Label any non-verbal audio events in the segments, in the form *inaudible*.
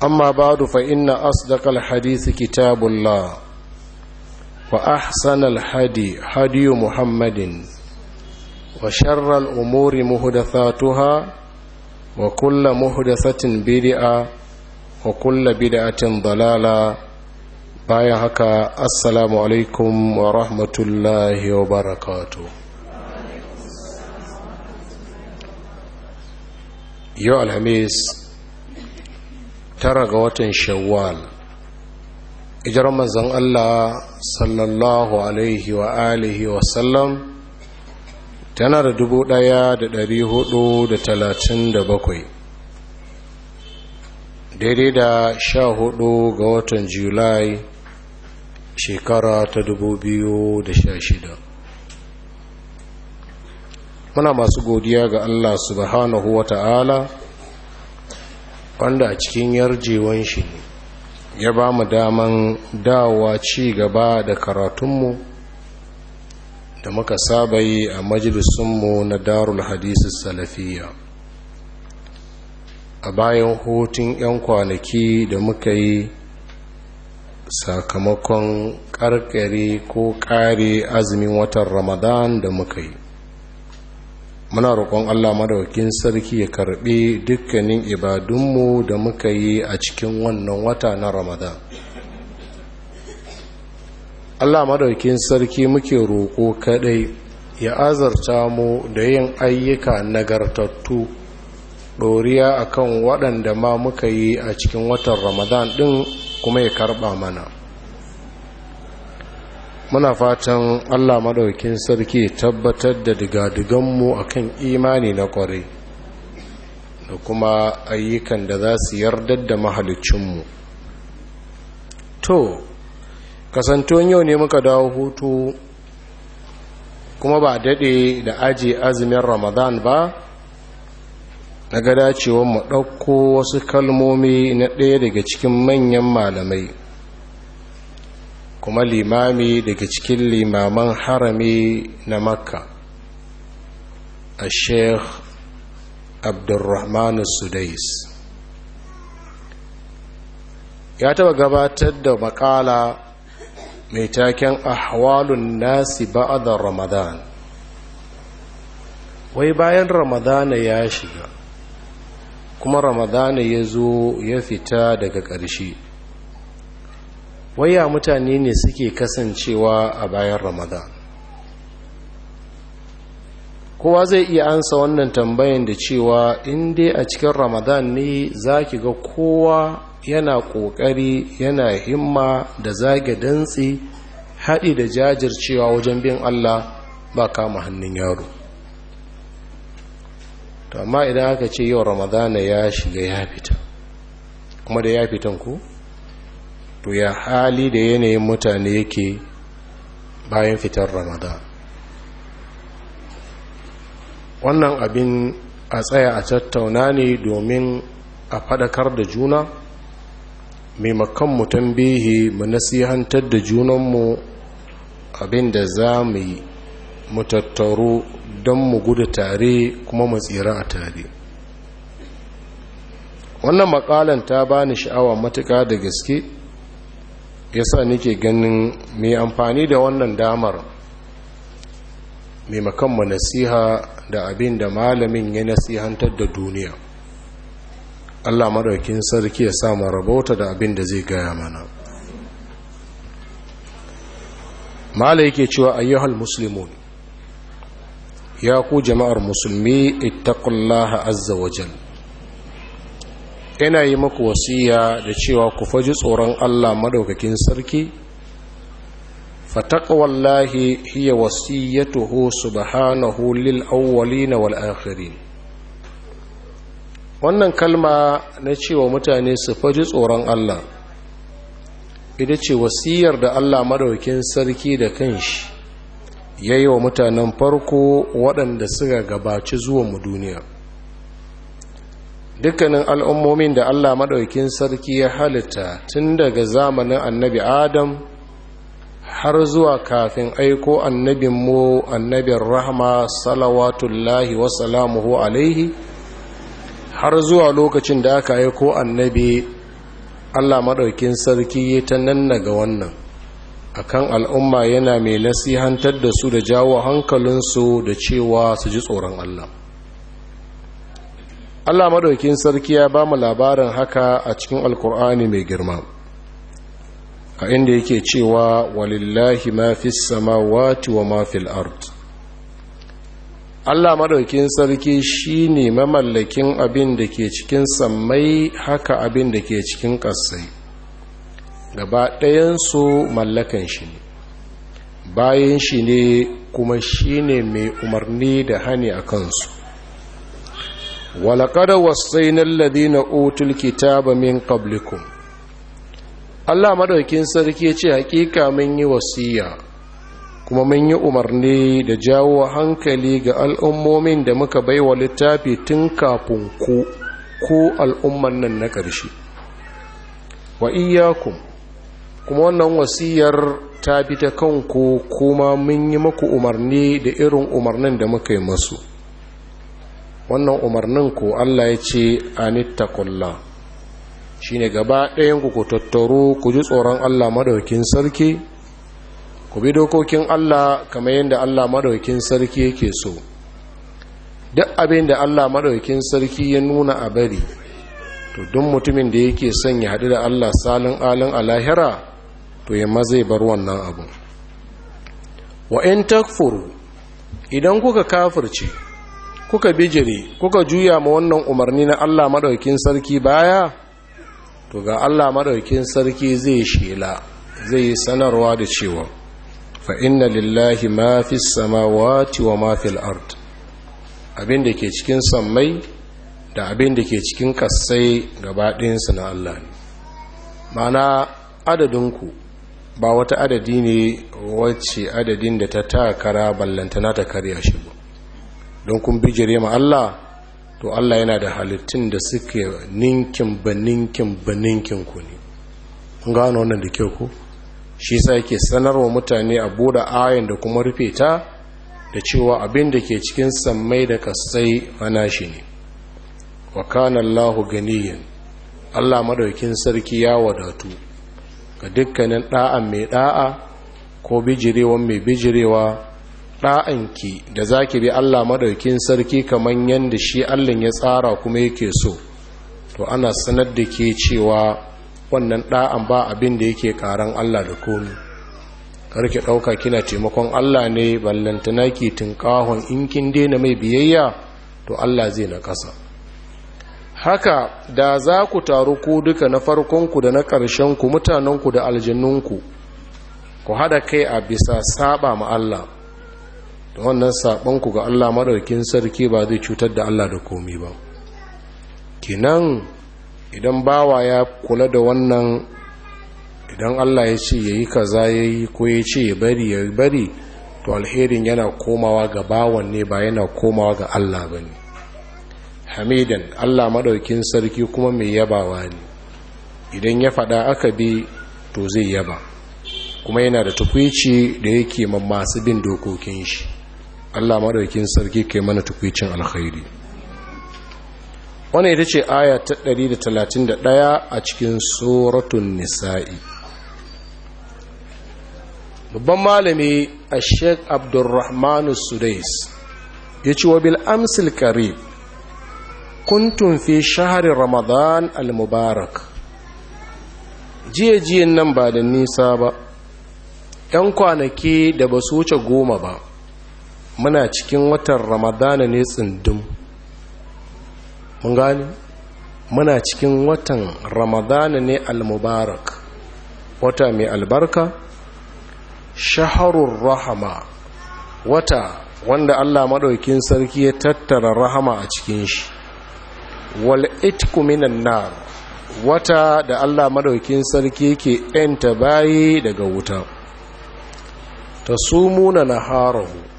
amma ba da fa’ina asdaƙal hadisi kitabullah wa ahsanal hadi hadiu muhammadin wa sharral umuri muhudathatuha wa kulla muhudathatin bid'a wa kulla bid'atin dalala bayan haka assalamu alaikum wa rahmatullahi wa barakatu yau alhamis tara ga watan shawwal ijar manzan Allah sallallahu alaihi wa alihi wa sallam tana da dubu daya da dari hudu da talatin da bakwai daidai da sha hudu ga watan julai shekara ta dubu biyu da sha shida muna masu godiya ga Allah subhanahu wa ta'ala wanda a cikin yarjewan shi ya ba mu daman dawowa ci gaba da karatunmu da muka saba yi a majalisunmu na darul hadisi salafiya a bayan hutun 'yan kwanaki da muka yi sakamakon karkare ko kare azumin watan ramadan da muka yi muna roƙon Allah madawakin sarki ya karɓi dukkanin ibadunmu da muka yi a cikin wannan wata na Ramadan Allah madawakin sarki muke roƙo kaɗai ya azarta mu da yin ayyuka nagartattu ɗoriya akan waɗanda ma muka yi a cikin watan Ramadan ɗin kuma ya karɓa mana muna fatan Allah maɗaukin sarki tabbatar da a kan imani na ƙwarai da kuma ayyukan da za su yardar da mahalicinmu to kasanton yau ne muka dawo hutu kuma ba daɗe da aji azumin ramadan ba na gada cewa mu ɗauko wasu kalmomi na ɗaya daga cikin manyan malamai kuma limami daga cikin limaman harami na makka a sheikh abdurrahman sudais ya taba gabatar da makala mai taken ahwalun nasi ba'adar ramadan wai bayan ramadana ya shiga kuma ramadana ya zo ya fita daga ƙarshe waya mutane ne suke kasancewa a bayan ramadan kowa zai iya ansa wannan tambayan da cewa in dai a cikin ramadan ne za ki ga kowa yana ƙoƙari yana himma da zage dantsi haɗi da jajircewa wajen bin allah ba kama hannun yaro amma idan aka ce yau ramadana ya shiga ya fita kuma da ya fitan ku to ya hali da yanayin mutane yake bayan fitar ramadan wannan abin a tsaya a tattauna ne domin a fadakar da juna maimakon mu tambihi mu nasihantar da junanmu abin da za mu yi mu don mu gudu tare kuma mu tsira a tare wannan makalan ta bani sha'awa matuka da gaske Ya sa nike ganin mai amfani da wannan damar maimakon mu nasiha da abin da malamin ya nasihantar da duniya Allah maɗaukin sarki ya sa rabauta da abin da zai gaya mana mala yake cewa ayyuhal muslimun ya ku jama'ar musulmi ittaqullaha azza wajalla yana yi maku wasiya da cewa ku faji tsoron Allah madaukakin sarki fataqwallahi hiya wasiyatuhu subhanahu lil awwalin wal akhirin wannan kalma na cewa mutane su faji tsoron Allah ita ce wasiyar da Allah madaukakin sarki da kanshi yayi wa mutanen farko waɗanda suka gabaci zuwan mu duniya dukkanin al'ummomin da Allah maɗaukin sarki ya halitta tun daga zamanin annabi Adam har zuwa kafin aiko annabin mu annabin rahama salawatullahi wasalamuhu alaihi har zuwa lokacin da aka aiko annabi Allah maɗaukin sarki ya ta nannaga ga wannan akan al'umma yana mai nasihantar da su da jawo hankalinsu da cewa su ji tsoron Allah Allah madaukin sarki ya ba mu labarin haka a cikin alkur'ani mai girma a inda yake cewa walillahi ma fis samawati wa ma fil ard Allah madaukin sarki shine mamallakin abin da ke cikin sammai haka abin da ke cikin ƙasai gaba ɗayansu mallakan shi ne bayan shi ne kuma shine mai umarni da hani a kansu walaƙada na ladina otul kitaba min qablikum Allah maɗaukin sarki ce hakika mun yi wasiya kuma mun yi umarni da jawo hankali ga al'ummomin da muka baiwa littafi tun kafin ku ko al'umman nan na ƙarshe wa iyakum kuma wannan wasiyar ta bi ta kanku kuma mun yi maku umarni da irin umarnin da muka yi masu wannan umarnin ku Allah ya ce anittaqulla shine gaba ɗayan ku ku tattaro ku ji tsoron Allah madaukin sarki ku bi dokokin Allah kamar yadda Allah maɗaukin sarki yake so duk abin da Allah maɗaukin sarki ya nuna a bari to duk mutumin da yake son ya haɗu da Allah salin alin a to ya zai bar wannan abin wa in takfuru idan kuka kafirce kuka bijire kuka juya ma wannan umarni na Allah maɗaukin sarki baya to ga Allah maɗaukin sarki zai shela zai yi sanarwa da cewa fa inna lillahi ma fis samawati wa ma fil ard abin da ke cikin sammai da abin da ke cikin kassai su na Allah ne mana ku ba wata adadi ne wacce adadin da ta takara ballantana ta karya shi ba don kun bijire ma Allah to Allah yana da halittun da suke ninkin ba ninkin ba ninkin ku ne kun gano wannan da kyau ku shi sa yake sanarwa mutane a buɗe ayin da kuma rufe ta da cewa abin da ke cikin sammai da kasai mana shi ne wa kana Allah ganiyin Allah madaukin sarki ya wadatu ga dukkanin da'a mai da'a ko bijirewa mai bijirewa ɗa'anki da za ki bi Allah maɗaukin sarki kamar yadda shi Allah ya tsara kuma yake so to ana sanar da ke cewa wannan ɗa'an ba abin da yake ƙaran Allah da komi karki ɗauka kina taimakon Allah ne ballantana ki tunƙahon in kin daina mai biyayya to Allah zai na ƙasa haka da za ku taru ku duka na farkonku da na ƙarshenku mutanenku da aljannunku ku haɗa kai a bisa saba ma Allah da wannan saɓonku ga Allah maɗaukin sarki ba zai cutar da Allah da komai ba kinan idan bawa ya kula da wannan idan Allah ya ce ya yi kaza ya yi ko ya ce ya bari ya bari to alherin yana komawa ga bawan ne ba yana komawa ga Allah ba ne hamidan Allah maɗaukin sarki kuma mai yabawa ne idan ya faɗa aka bi to zai yaba kuma yana da tukwici da yake masu bin dokokin shi Allah madaukin sarki kai mana tukwicin alkhairi wannan ita ce aya ta 131 a cikin suratun nisa'i babban malami a sheik abdurrahmanu sudais ya ce wa bil amsil kare kuntun fi shaharin ramadan al-mubarak jiye-jiyen nan ba da nisa ba 'yan kwanaki da ba su wuce goma ba muna cikin watan ramadana ne tsindin mun gani muna cikin watan ramadana ne al-mubarak wata mai albarka shaharun rahama wata wanda allah maɗaukin sarki ya tattara rahama a cikin shi wal itku minan nar wata da allah maɗaukin sarki ke ɗanta baye daga wuta ta sumuna na harahu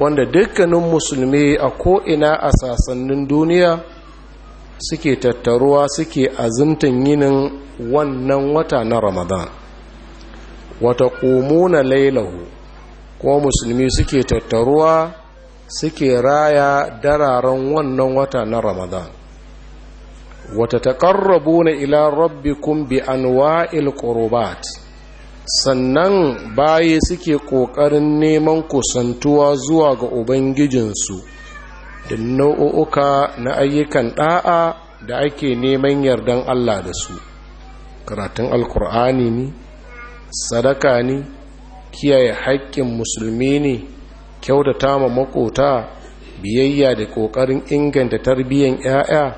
wanda dukkanin musulmi a ko'ina a sasannin duniya suke tattaruwa suke azimtan yinin wannan wata na ramadan wata na lailahu ko musulmi suke tattaruwa suke raya dararen wannan wata na ramadan wata taƙarrabu na ila rabbikum bi anwa'il qurbat sannan baye suke ƙoƙarin neman kusantuwa zuwa ga ubangijinsu da nau'uka na ayyukan ɗa'a da ake neman yardan Allah da su karatun alkur'ani ne sadaka ne kiyaye haƙƙin musulmi ne kyautata ma makota biyayya da ƙoƙarin inganta tarbiyyan 'ya'ya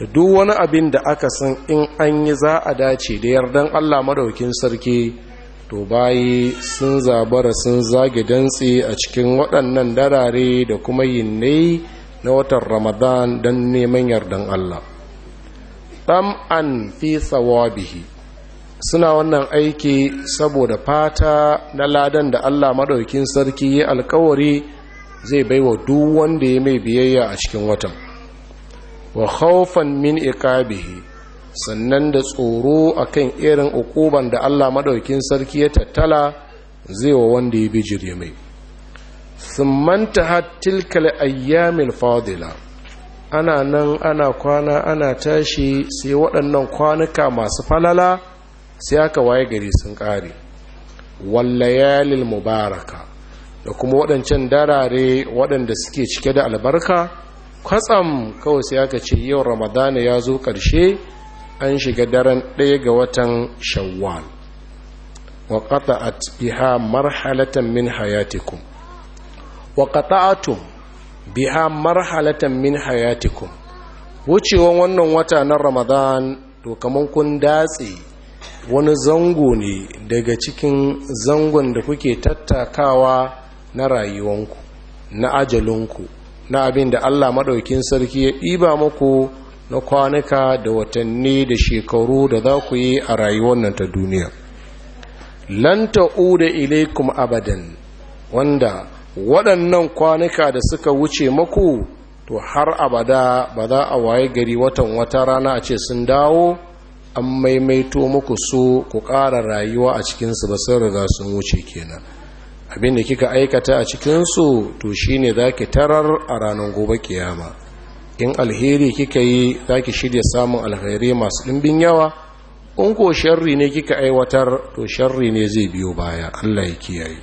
da duk wani abin da aka san in an yi za a dace da yardan Allah madaukin sarki to bayi sun zabara sun zage dantse a cikin waɗannan darare da kuma yinnai na watan ramadan don neman yardan Allah an fi tsawabihi suna wannan aiki saboda fata na ladan da Allah maɗaukin sarki ya alkawari zai baiwa duk wanda ya mai biyayya a cikin watan wa haufan min ikabihi sannan da tsoro akan irin ukuban da Allah madaukin sarki ya tattala zai wa wanda ya bijire mai summanta hatilkal ayyamil fadila ana nan ana kwana ana tashi sai waɗannan kwanuka masu falala sai aka waye gari sun ƙare wallayalil mubaraka da kuma waɗancan darare waɗanda suke cike da albarka kwatsam kawai sai aka ce yau ramadana ya zo ƙarshe an shiga daren ɗaya ga watan shawwal wa qata'at biha marhalatan min hayatikum wa qata'atum biha marhalatan min hayatikum Wucewa wannan wata na ramadan to kaman kun datse wani zango ne daga cikin zangon da kuke tattakawa na rayuwanku na ajalinku na abin da Allah maɗaukin sarki ya ɗiba muku na kwanuka da watanni da shekaru da za ku yi a rayuwar nan ta duniya lan ta'uda ilaikum abadan wanda waɗannan kwanuka da suka wuce maku to har abada ba za a waye gari watan wata rana a ce sun dawo an maimaito muku su ku ƙara rayuwa a cikinsu ba sun riga sun wuce kenan abin da kika aikata a cikinsu to shine za ki tarar a ranar gobe kiyama in alheri kika yi za ki shirya samun alheri masu ɗimbin yawa in ko sharri ne kika aiwatar to sharri ne zai biyo baya allah ya kiyaye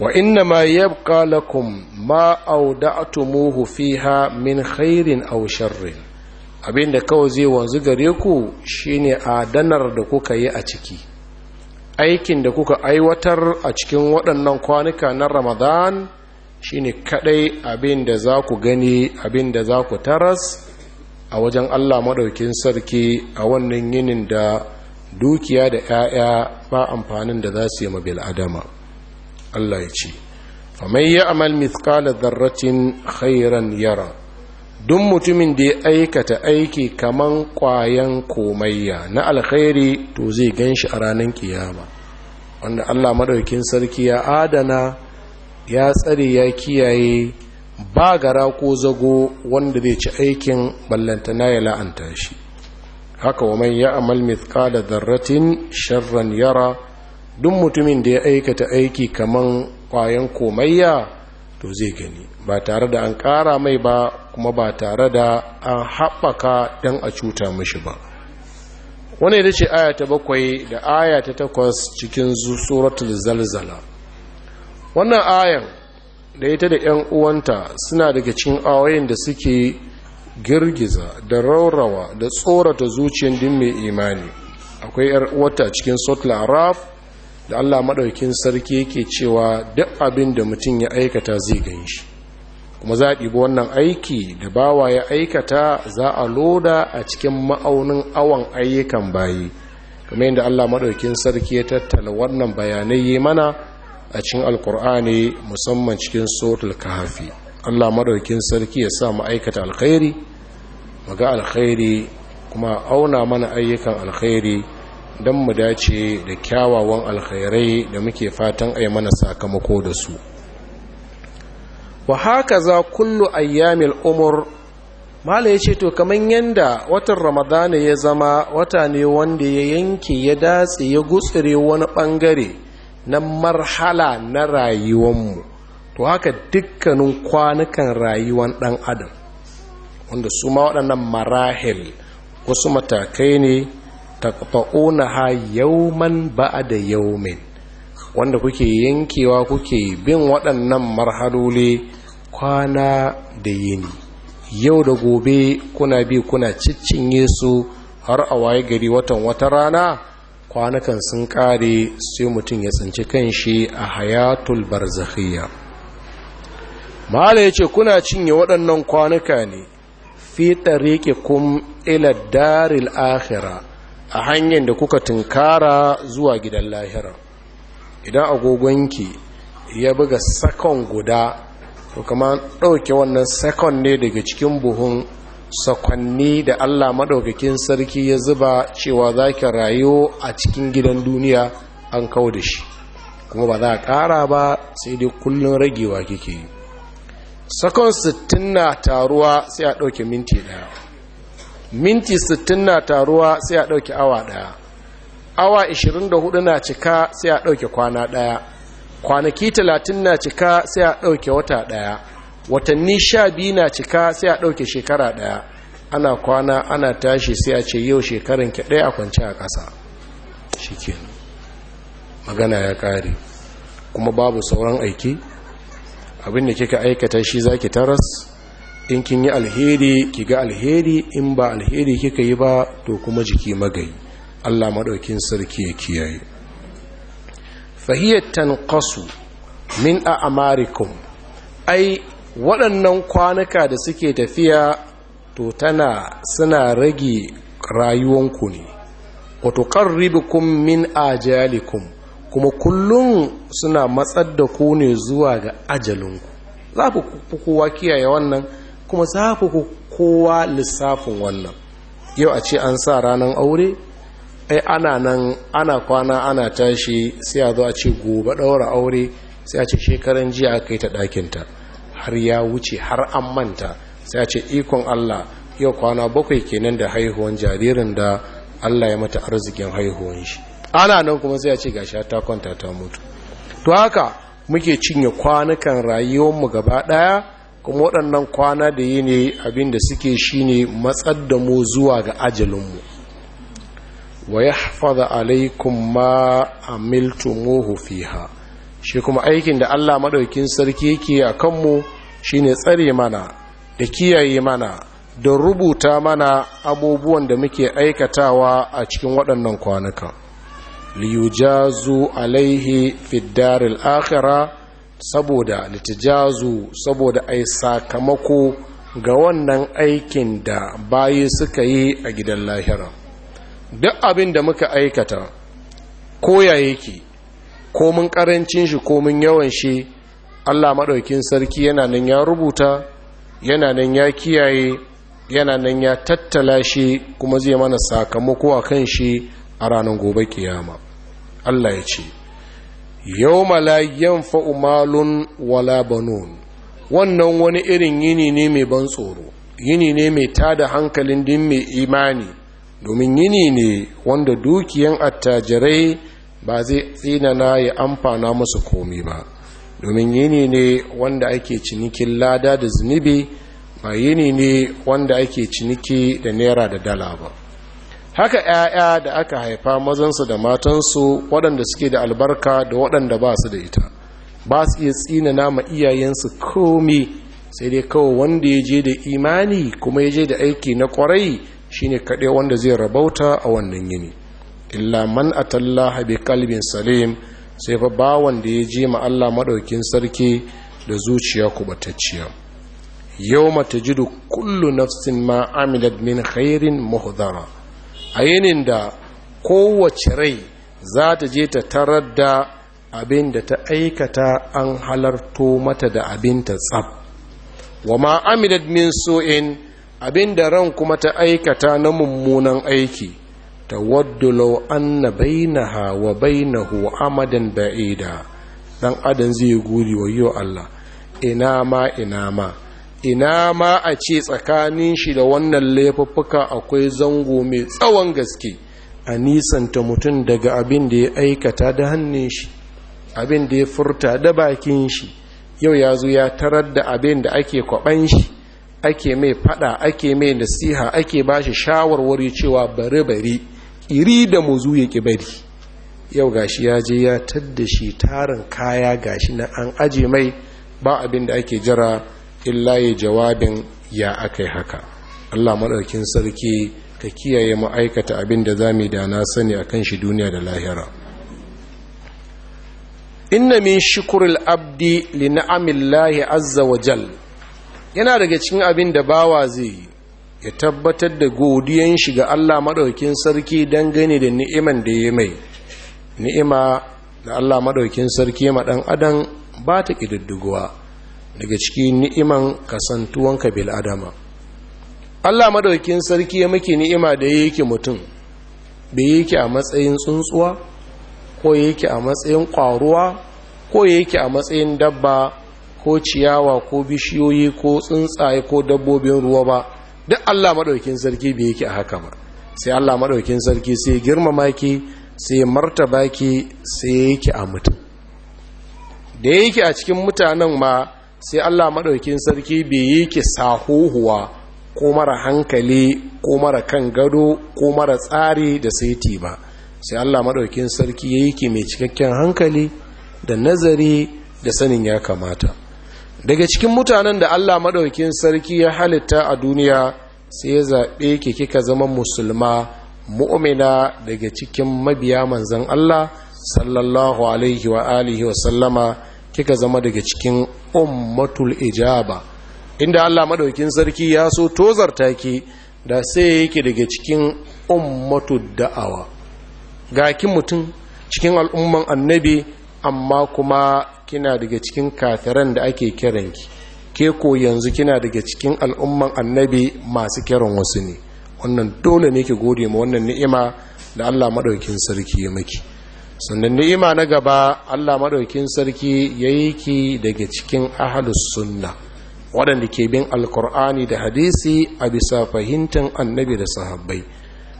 wa inna ma yabqa lakum ma awda'tumuhu fiha min khairin aw sharrin abinda kawai zai wanzu gare ku shine adanar da kuka yi a ciki aikin da kuka aiwatar a cikin waɗannan kwanuka na ramadan shine kaɗai abin da za ku gani abin da za ku taras a wajen Allah maɗaukin sarki a wannan yinin da dukiya da 'ya'ya ba amfanin da za su yi mabil adama Allah ya ce faman ya amal mithkala dharratin khairan yara dun mutumin da ya aikata aiki kaman kwayan komayya na alkhairi to zai ganshi a ranar kiyama wanda Allah maɗaukin sarki ya adana ya tsare ya kiyaye ba gara ko zago wanda zai ci aikin ballantana ya la'anta shi haka wa man ya'mal mithqala dharratin sharran yara duk mutumin da ya aikata aiki kaman kwayan komayya to zai gani ba tare da an ƙara mai ba kuma ba tare da an haɓaka don a cuta mashi ba wani da ce aya ta bakwai da aya ta takwas cikin suratul zalzala wannan ayan da ita da 'yan uwanta suna daga cikin awayin da suke girgiza da raurawa da tsorata zuciyar din mai imani akwai 'yar uwata cikin sotla araf da allah maɗaukin sarki yake cewa duk abin da mutum ya aikata zai gan shi kuma za a ɗibi wannan aiki da bawa ya aikata za a loda a cikin ma'aunin awon ayyukan bayi kamar yadda allah maɗaukin sarki ya tattala wannan bayanai mana a cikin alkur'ani musamman cikin sotul kafi Allah madaukin sarki ya sa ma'aikata alkhairi muga alkhairi kuma auna mana ayyukan alkhairi don mu dace da kyawawan alkhairai da muke fatan ai mana sakamako da su wa haka za kullu ayyamil umur mala ya ce to kamar yadda watan ramadana ya zama wata ne wanda ya yanke ya datse ya gutsire wani bangare na marhala na rayuwanmu to haka dukkanin kwanukan rayuwan ɗan adam wanda su ma waɗannan marahil wasu matakai ne ta fauna ha yauman ba'a da yaumin wanda kuke yankewa kuke bin waɗannan marhaloli kwana da yini yau da gobe kuna bi kuna ciccinye su har a waye gari watan wata rana kwanakan sun kare sai mutum ya tsinci shi a hayatul barzakhiyya mala yace kuna cinye waɗannan kwanuka ne fi tariqikum ila daril akhirah a hanyar da kuka tunkara zuwa gidan lahira idan agogonki ya buga sakon guda to kamar ɗauke wannan sakon ne daga cikin buhun sakwanni da Allah maɗaukakin sarki ya zuba cewa za ka rayu a cikin gidan duniya an kawo da shi kuma ba za a ƙara ba sai dai kullum ragewa kike yi sakon sittin na taruwa sai a ɗauke minti ɗaya minti sittin na taruwa sai a ɗauke awa ɗaya awa 24 na cika sai a ɗauke kwana ɗaya kwanaki 30 na cika sai a ɗauke wata ɗaya watanni sha biyu na cika sai a ɗauke shekara ɗaya ana kwana ana tashi sai a ce yau shekaran ki ɗaya a kwanci a ƙasa shi magana ya ƙare kuma babu sauran aiki abin da kika aikata shi za ki taras in kin yi alheri ki ga alheri in ba alheri kika yi ba to kuma jiki magai allah maɗaukin sarki ya kiyaye fahiyar tan min a Amarikun ai waɗannan kwanuka da suke tafiya to tana suna rage rayuwanku ne wato ƙarribikun min ajalikum kuma kullum suna matsar da ku ne zuwa ga ajalinku za ku kowa kiyaye wannan kuma za ku kowa lissafin wannan yau a ce an sa ranar aure ai ana nan ana kwana ana tashi sai a zo a ce gobe ɗaura aure sai a ce shekaran jiya aka yi ta ɗakinta har ya wuce har an manta sai a ce ikon Allah yau kwana bakwai kenan da haihuwan jaririn da Allah ya mata arzikin haihuwan shi ana nan kuma sai a ce gashi ta kwanta ta mutu to haka muke cinye kwanukan mu gaba daya kuma waɗannan kwana da yi ne abin da suke shine matsar da mu zuwa ga ajalinmu wa yahfaza alaikum ma amiltumuhu fiha shi kuma aikin da Allah maɗaukin sarki yake a kanmu shi ne tsare mana da kiyaye mana da rubuta mana abubuwan da muke aikatawa a cikin waɗannan kwanuka liyujazu alaihe fiddaril akhira saboda litijazu saboda ai sakamako ga wannan aikin da bayi suka yi a gidan lahira duk abin da muka aikata koya yake komin karancin shi komin yawan shi Allah maɗaukin sarki yana nan ya rubuta yana nan ya kiyaye yana nan ya tattala shi kuma zai mana sakamako a kan shi a ranar gobe kiyama Allah ya ce yau malayen fa'umalun wala banon wannan wani irin yini ne mai ban tsoro yini ne mai tada hankalin din mai imani domin yini ne wanda dukiyan attajirai ba zai tsinana ya amfana musu komi ba domin yini ne wanda ake cinikin lada da zunubi ba yini ne wanda ake ciniki da naira da dala ba haka 'ya'ya da aka haifa mazansu da matansu waɗanda suke da albarka da waɗanda ba su da ita ba su iya tsinana ma iyayensu komi sai dai kawai wanda ya je da imani kuma ya je da aiki na kwarai shine kaɗai wanda zai rabauta a wannan yini illa man atallaha bi kalbin salim sai fa bawan da ya je ma Allah madaukin sarki da zuciya kubatacciya mata tajidu kullu nafsin ma amilat min khairin muhdara ayinin da kowace rai za ta je ta tarar da abin da ta aikata an halarto mata da abin ta tsab wa ma amilat min su'in abin da ran kuma ta aikata na mummunan aiki tawaddu law anna bainaha wa bainahu amadan ba'ida dan adan zai yi wayo Allah ina ma ina ma ina ma a ce tsakanin shi da wannan laifuffuka akwai zango mai tsawon gaske a nisanta mutum daga abin da ya aikata da hannun shi abin da ya furta da bakin shi yau ya zo ya tarar da abin da ake kwaban shi ake mai fada ake mai nasiha ake bashi shawarwari cewa bari bari iri da muzu ya kibari bari yau gashi ya je ya tadda shi tarin kaya gashi na an aje mai ba abin da ake jira illa ya jawabin ya aka haka allah maɗarkin sarki ka kiyaye ma'aikata abin da za mu da na sani a kan shi duniya da lahira inna min shukurul abdi li na'amillahi azza wa jal yana daga cikin abin da bawa zai ya tabbatar da godiyan shi ga Allah maɗaukin sarki dangane da ni'iman da ya mai ni'ima da Allah maɗaukin sarki ya maɗan adam ba ta kididduguwa daga cikin ni'iman kasantuwan kabil adama Allah maɗaukin sarki ya maki ni'ima da ya yake mutum da ya yake a matsayin tsuntsuwa ko ya yake a matsayin ƙwaruwa ko ya yake a matsayin dabba ko ciyawa ko bishiyoyi ko tsuntsaye ko dabbobin ruwa ba duk Allah maɗaukin sarki bai yake a haka ba sai Allah maɗaukin sarki sai girmama ki sai martaba ki sai yake a mutum da yake a cikin mutanen ma sai Allah maɗaukin sarki bai yake sahuhuwa ko mara hankali ko mara kan gado ko mara tsari da saiti ba sai Allah maɗaukin sarki ya yake mai cikakken hankali da nazari da sanin ya kamata daga cikin mutanen da Allah maɗaukin sarki ya halitta a duniya sai ya zaɓe ki kika zama musulma mu'mina daga cikin mabiya manzon Allah sallallahu alaihi wa alihi wa sallama kika zama daga cikin ummatul ijaba inda Allah maɗaukin sarki ya so tozarta ki da sai yake daga cikin ummatud da'awa ga kin mutum cikin al'umman annabi amma kuma kina daga cikin kafiran da ake ki ke ko yanzu kina daga cikin al'umman annabi masu kiran wasu ne wannan dole ne ki gode ma wannan ni'ima da Allah madaukin sarki ya miki sannan ni'ima na gaba Allah madaukin sarki yayi ki daga cikin ahlus sunna waɗanda ke bin alkur'ani da hadisi a bisa fahimtar annabi da sahabbai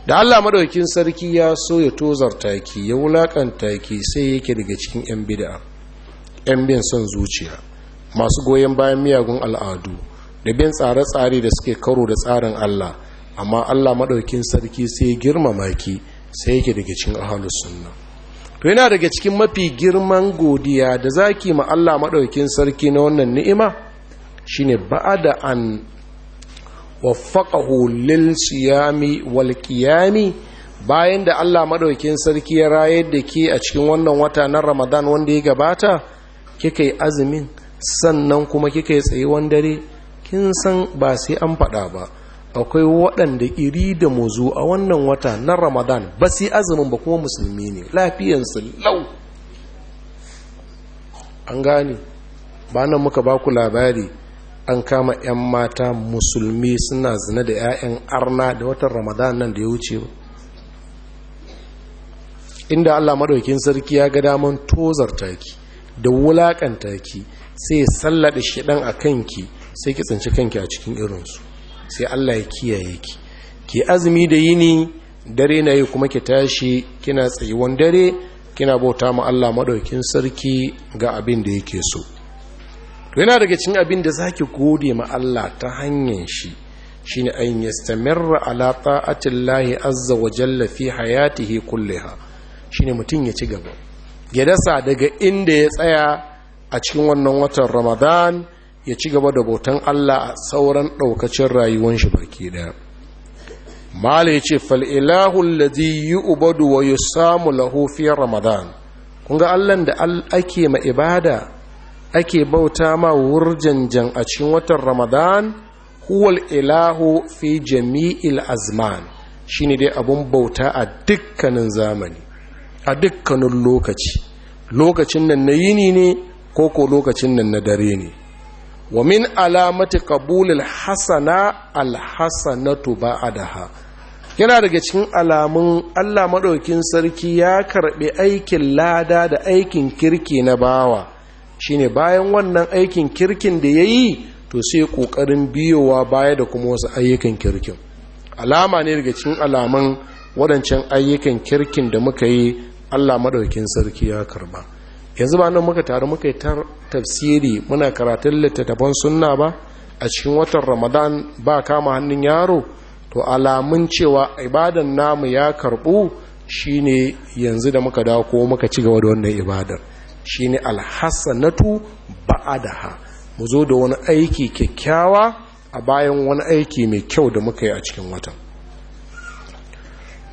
da Allah madaukin sarki ya so ya tozarta ki ya wulakanta ki sai yake daga cikin yan bid'a 'yan bin son zuciya masu goyon bayan miyagun al'adu da bin tsare-tsare da suke karo da tsarin allah amma allah maɗaukin sarki sai girmama ki sai yake daga cikin ahalus sunna to yana daga cikin mafi girman godiya da zaki ma allah maɗaukin sarki na wannan ni'ima shine ba'ada an waffaqahu lil siyami wal qiyami bayan da Allah maɗaukin sarki ya rayar da ke a cikin wannan wata na Ramadan wanda ya gabata kika yi azumin sannan kuma kika yi tsayiwan dare kin san ba sai an faɗa ba akwai waɗanda iri da muzu a wannan wata na ramadan ba sai azumin ba kuma musulmi ne lafiyansu lau an gane ba nan muka ba ku labari an kama 'yan mata musulmi suna zina da 'ya'yan arna da watan ramadan nan da ya wuce ba inda allah maɗaukin sarki ya ga daman tozar taki. da wulakanta ki sai sallada shiɗan a kanki sai ki tsinci kanki a cikin irinsu sai Allah ya kiyaye ki ki azumi da yini dare na yi kuma ki tashi kina tsayuwan dare kina bauta ma Allah madaukin sarki ga abin da yake so to yana daga cikin abin da zaki gode ma Allah ta hanyar shi shine ayin yastamirra ala ta'atillahi azza wa jalla fi hayatihi kulliha shine mutun ya ci gaba ya dasa daga inda ya tsaya a cikin wannan watan ramadan ya ci gaba da bautan Allah a sauran ɗaukacin rayuwan shi baki ɗaya mala ya ce fal'ilahu lazi yi ubadu wa yi samu lahofiyar ramadan kun ga allan da ake ma ibada ake bauta ma wurjanjan a cikin watan ramadan huwal ilahu fi jami'il azman shi ne dai abun bauta a dukkanin zamani a dukkanin lokaci lokacin nan na yini ne ko ko lokacin nan na dare ne wa min alamati qabulil hasana alhasanatu ba'daha yana daga cikin alamun Allah madaukin sarki ya karɓi aikin lada da aikin kirki na bawa shine bayan wannan aikin kirkin da yayi to sai ƙoƙarin biyowa baya da kuma wasu ayyukan kirkin alama ne daga cikin alaman waɗancan ayyukan kirkin da muka yi Allah madaukin sarki ya karba yanzu ba nan muka taru muka yi tafsiri muna karatun littattafan sunna ba a cikin watan Ramadan ba kama hannun yaro to alamun cewa ibadan namu ya karbu shine yanzu da muka dawo ko muka ci gaba da wannan ibadar shine alhasanatu ba'adaha mu zo da wani aiki kyakkyawa a bayan wani aiki mai kyau da muka yi a cikin watan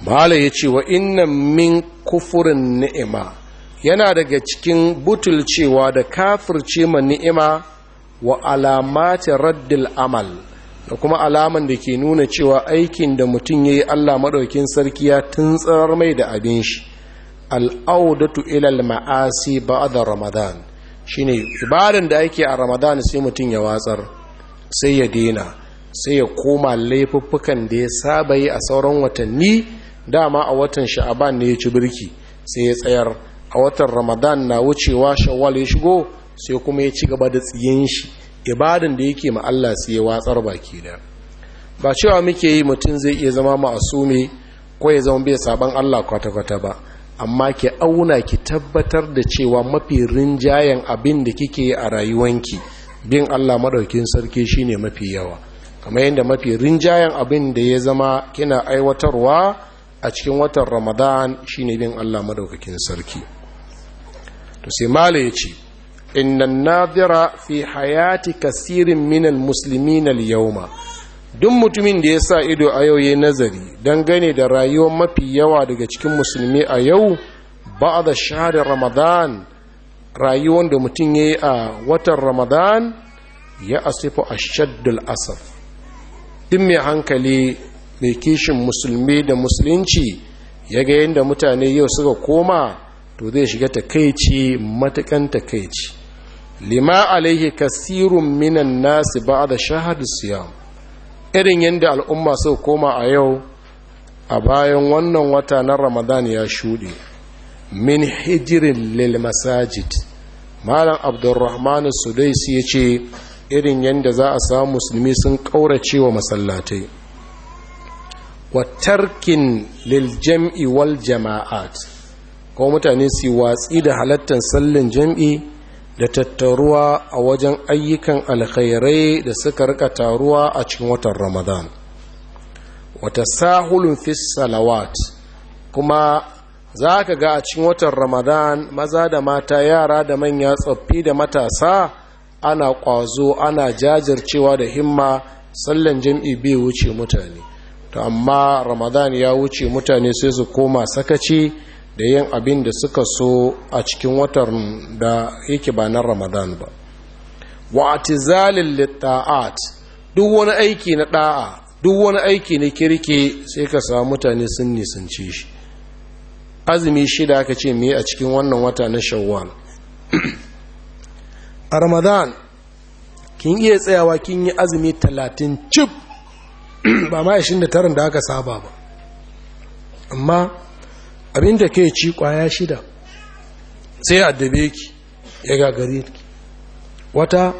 mahala ya ce wa inna min kufurin ni'ima yana daga cikin butulcewa da kafirce ma ni'ima wa alamati raddil amal da kuma alaman da ke nuna cewa aikin da mutum ya yi allah maɗaukin sarki ya tsarar mai da abin shi al'audatu ilal ma'asi ba da ramadan shine ibadan da ake a ramadan sai mutum ya watsar sai ya dena sai ya koma laifuffukan da ya saba yi a sauran watanni dama a watan sha'aban ne ya ci birki sai ya tsayar a watan ramadan na wucewa shawwal ya shigo sai kuma ya ci gaba da tsiyen shi ibadan da yake ma Allah sai ya watsar baki da ba cewa muke yi mutum zai iya zama ma'asumi ko ya zama bai sabon Allah kwata-kwata ba amma ki auna ki tabbatar da cewa mafi rinjayen abin da kike yi a rayuwanki bin Allah madaukin sarki shine mafi yawa kamar yadda mafi rinjayen abin da ya zama kina aiwatarwa a cikin watan ramadan shi ne bin allah madaukakin sarki to sai mala ya ce inna nadira fi hayati kasirin minal muslimin al-yawma duk mutumin da ya sa ido a yau ya nazari dangane da rayuwa mafi yawa daga cikin musulmi a yau ba da shahadar ramadan rayuwar da mutum ya yi a watan ramadan ya asifo a shaddul asaf duk mai hankali mai kishin musulmi da musulunci ya ga yadda mutane yau suka koma to zai shiga takaici matakan takaici lima alaihi kasirun minan nasi ba da shahadu siyam irin yadda al'umma suka koma a yau a bayan wannan wata na ramadan ya shuɗe min hijirin lil masajid malam abdulrahman sudaisi ya ce irin yadda za a samu musulmi sun ƙaurace wa masallatai watarkin tarkin lil jam'i wal jama'at ko mutane su watsi da halattar sallin jam'i da tattaruwa a wajen ayyukan alkhairai da suka rika taruwa a cikin watan ramadan wata sahulun fi salawat kuma za ka ga a cikin watan ramadan maza da mata yara da manya tsoffi da matasa ana ƙwazo ana jajircewa da himma sallan jam'i bai wuce mutane to amma ramadan ya wuce mutane sai su koma sakaci da yin abin da suka so a cikin watan da yake ba na ramadan ba wa atizalin litta'at duk wani aiki na da'a duk wani aiki na kirki sai ka sa mutane sun nisanci shi azumi shida aka ce me a cikin wannan wata na shawwal a ramadan kin iya tsayawa kin yi azumi talatin cif *clears throat* ba ma 29 da aka saba ba amma abin da ke ci kwaya shida sai addabe ki ya gagare ki wata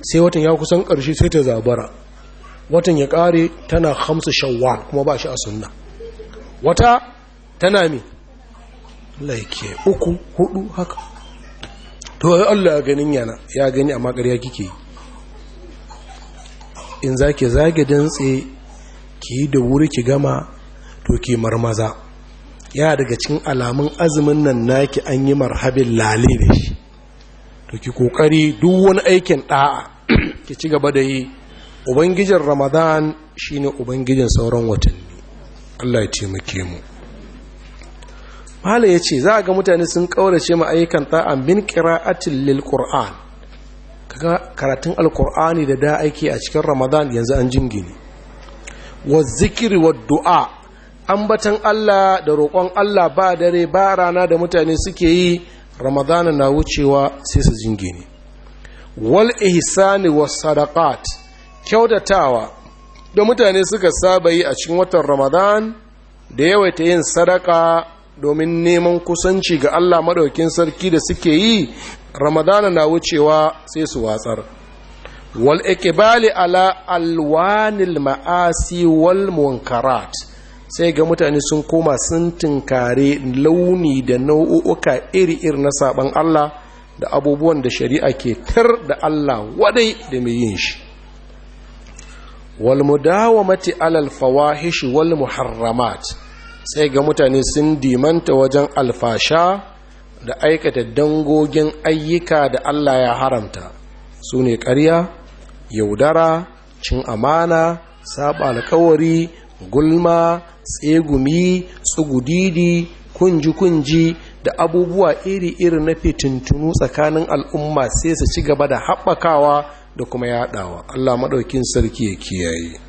sai watan ya kusan ƙarshe sai ta zabara watan ya ƙare tana hamsa shawa kuma ba shi a sunna wata tana mi laike uku hudu haka to Allah ya ganin yana ya gani a ƙarya kike yi in za ki zage dantse ki yi da wuri ki gama to ki marmaza ya daga cikin alamun azumin nan naki an yi marhabin lale da shi to ki kokari duk wani aikin da'a *clears throat* ki ci gaba da yi ubangijin ramadan shine ubangijin sauran watanni Allah ya taimake mu Mala ya ce za a ga mutane sun ƙaurace ma a ta'an bin ƙira'atin lil Qur'an kaga karatun alkur'ani da da aiki a cikin ramadan yanzu an jingine wa zikiri wa du'a ambatan Allah da roƙon Allah ba dare ba rana da mutane suke yi ramadana na wucewa sai su jingine wal ihsani was sadaqat kyautatawa da mutane suka saba yi a cikin watan ramadan da yawaita yin sadaka domin neman kusanci ga Allah madaukin sarki da suke yi ramadana na wucewa sai su watsar wal ikbali ala alwanil ma'asi wal munkarat sai ga mutane sun koma sun tinkare launi da nau'uka iri-iri na saban Allah da abubuwan da shari'a ke tar da Allah wadai da mai yin shi wal mudawamati alal fawahish wal muharramat sai ga mutane sun dimanta wajen alfasha da aikata dangogin ayyuka da Allah ya haramta su ne ƙarya yaudara cin amana saba alkawari gulma tsegumi tsugudidi kunji-kunji da abubuwa iri-iri na fitintunu tsakanin al'umma sai su ci gaba da haɓakawa da kuma yaɗawa Allah maɗaukin sarki ya kiyaye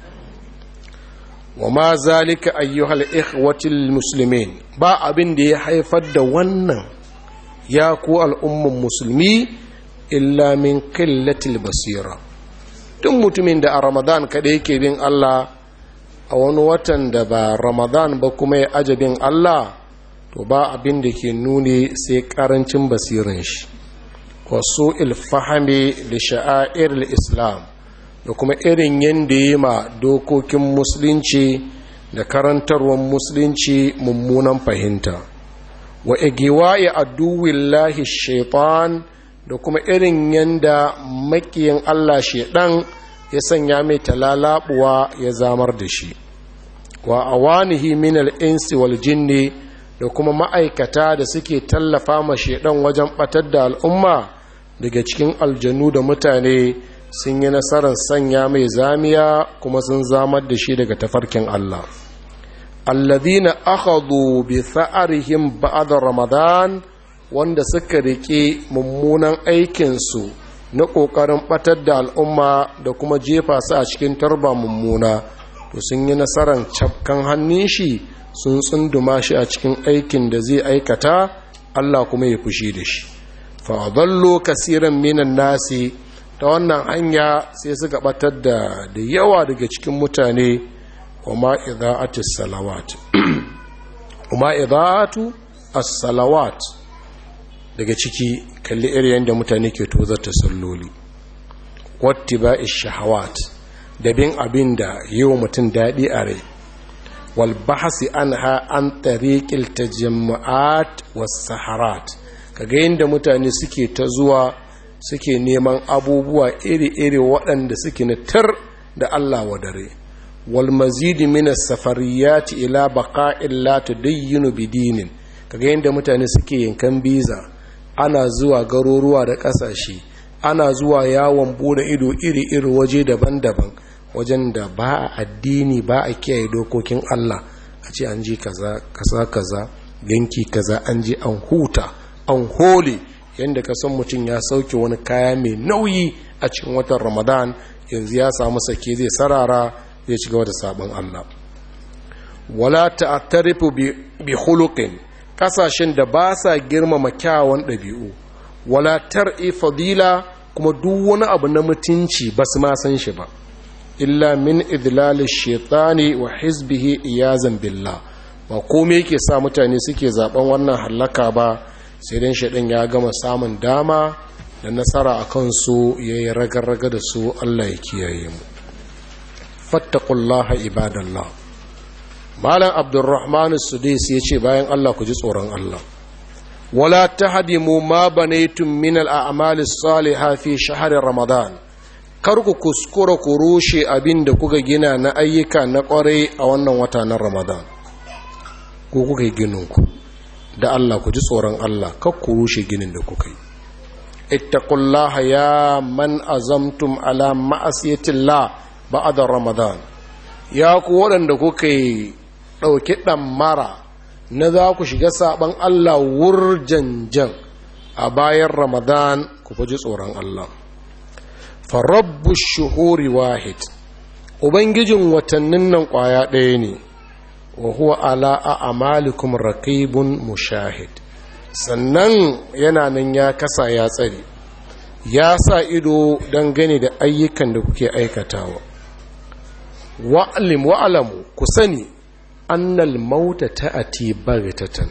wa ma zalika ayyuhal ikhwatil muslimin ba abin da ya haifar da wannan ya ku al'umman musulmi illa min qillatil basira duk mutumin da a ramadan kaɗai ke bin allah a wani watan da ba ramadan ba kuma ya ajabin allah to ba abin da ke nuni sai ƙarancin basirin shi wasu ilfahami da sha'a'ir islam da kuma irin yadda yi ma dokokin musulunci da karantarwar musulunci mummunan fahimta wa igiwaye aduwillahi shaitan da kuma irin yanda makiyin Allah shaidan ya sanya mai talalabuwa ya zamar da shi wa awanihi min al-insi wal jinni da kuma ma'aikata da suke tallafa ma shaidan wajen batar da al'umma daga cikin aljanu da mutane sun yi nasarar sanya mai zamiya kuma sun zamar da shi daga tafarkin Allah الذين akhadhu bi بعد رمضان ramadan wanda suka riƙe mummunan aikinsu na ƙoƙarin ɓatar da al'umma da kuma jefa su a cikin tarba mummuna to sun yi nasarar cafkan hannun shi sun tsunduma shi a cikin aikin da zai aikata Allah kuma ya fushi da shi fa'adallo kasiran minan nasi ta wannan hanya sai suka ɓatar da yawa daga cikin mutane وما إذاعة الصلوات وما الصلوات daga ciki kalli irin da mutane ke tozarta salloli wattiba shahawat da bin abin da yi wa mutum daɗi a rai wal bahsi anha an tariqil tajammu'at was saharat ga yadda mutane suke ta zuwa suke neman abubuwa iri-iri waɗanda suke na tar da Allah wa dare walmazidi minas safariyati ila baka'in la tudayyinu bidinin kaga yadda mutane suke yankan biza ana zuwa garuruwa da ƙasashe ana zuwa yawon bude ido iri-iri waje daban-daban wajen da ba a addini ba a kiyaye dokokin Allah a ce an ji kaza kaza kaza yanki kaza an ji an huta an hole yadda ka san mutum ya sauke wani kaya mai nauyi a cikin watan ramadan yanzu ya samu sake zai sarara ya ci gaba da sabon Allah wala ta'tarifu bi hulukin kasashen da ba sa girmama kyawun ɗabi'u wala tar'i fadila kuma duk wani abu na mutunci ba su ma san shi ba illa min idlali shaitani wa hizbihi iyazan billah ba komai yake sa mutane suke zaben wannan halaka ba sai dan shaɗin ya gama samun dama da nasara a kansu ya yi ragarraga da su Allah ya kiyaye mu fattaqullaha ibadallah malam abdurrahman sudais ya ce bayan Allah ku ji tsoron Allah wala tahdimu ma banaytum min al-a'mal as-salihah fi shahr ramadan kar ku kuskura ku rushe abin da kuka gina na ayyuka na kwarai a wannan wata na ramadan ko kuka yi ginin ku da Allah ku ji tsoron Allah kar ku rushe ginin da kuka yi ittaqullaha ya man azamtum ala ma'asiyatillah ba'adar ramadan ya ku waɗanda kuka yi ɗauki ɗammara na za ku shiga saɓan allah wurjanjan a bayan ramadan ku faji tsoron allah farabbu shuhuri wahid ubangijin watannin nan ƙwaya ɗaya ne wa huwa ala a amalikum raqibun mushahid sannan yana nan ya kasa ya tsare ya sa ido don gani da ayyukan da kuke aikatawa wa'alim wa'alamu ku sani annal mauta ta'ati baghtatan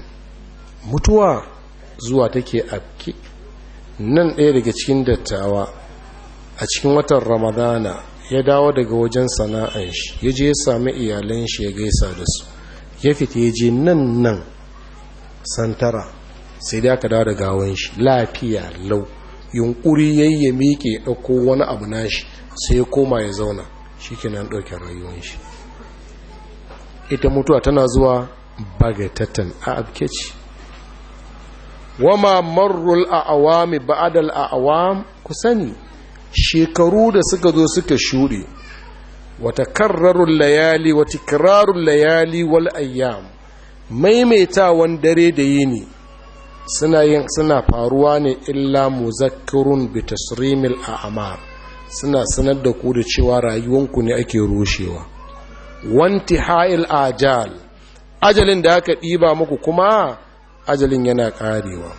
mutuwa zuwa take afki nan ɗaya daga cikin dattawa a cikin watan ramadana ya dawo daga wajen sana'an shi ya je ya sami iyalan shi ya gaisa da su ya fita ya je nan nan santara sai da aka dawo da gawon shi lafiya lau yunkuri yayyami ya miƙe ɗauko wani abu nashi sai ya koma ya zauna shi nan ɗauke rayuwan shi ita mutuwa tana zuwa bagatatan a abke ce wama marrul a'awami ba'adal Awam ku sani shekaru da suka zo suka shuɗe wata karrarun layali wata kirarun layali wal ayyam maimaitawan dare da yini suna suna faruwa ne illa muzakkirun bi tasrimil a'mar suna sanar da ku da cewa rayuwanku ne ake rushewa wanti ha'il ajal ajalin da aka ɗiba muku kuma ajalin yana ƙarewa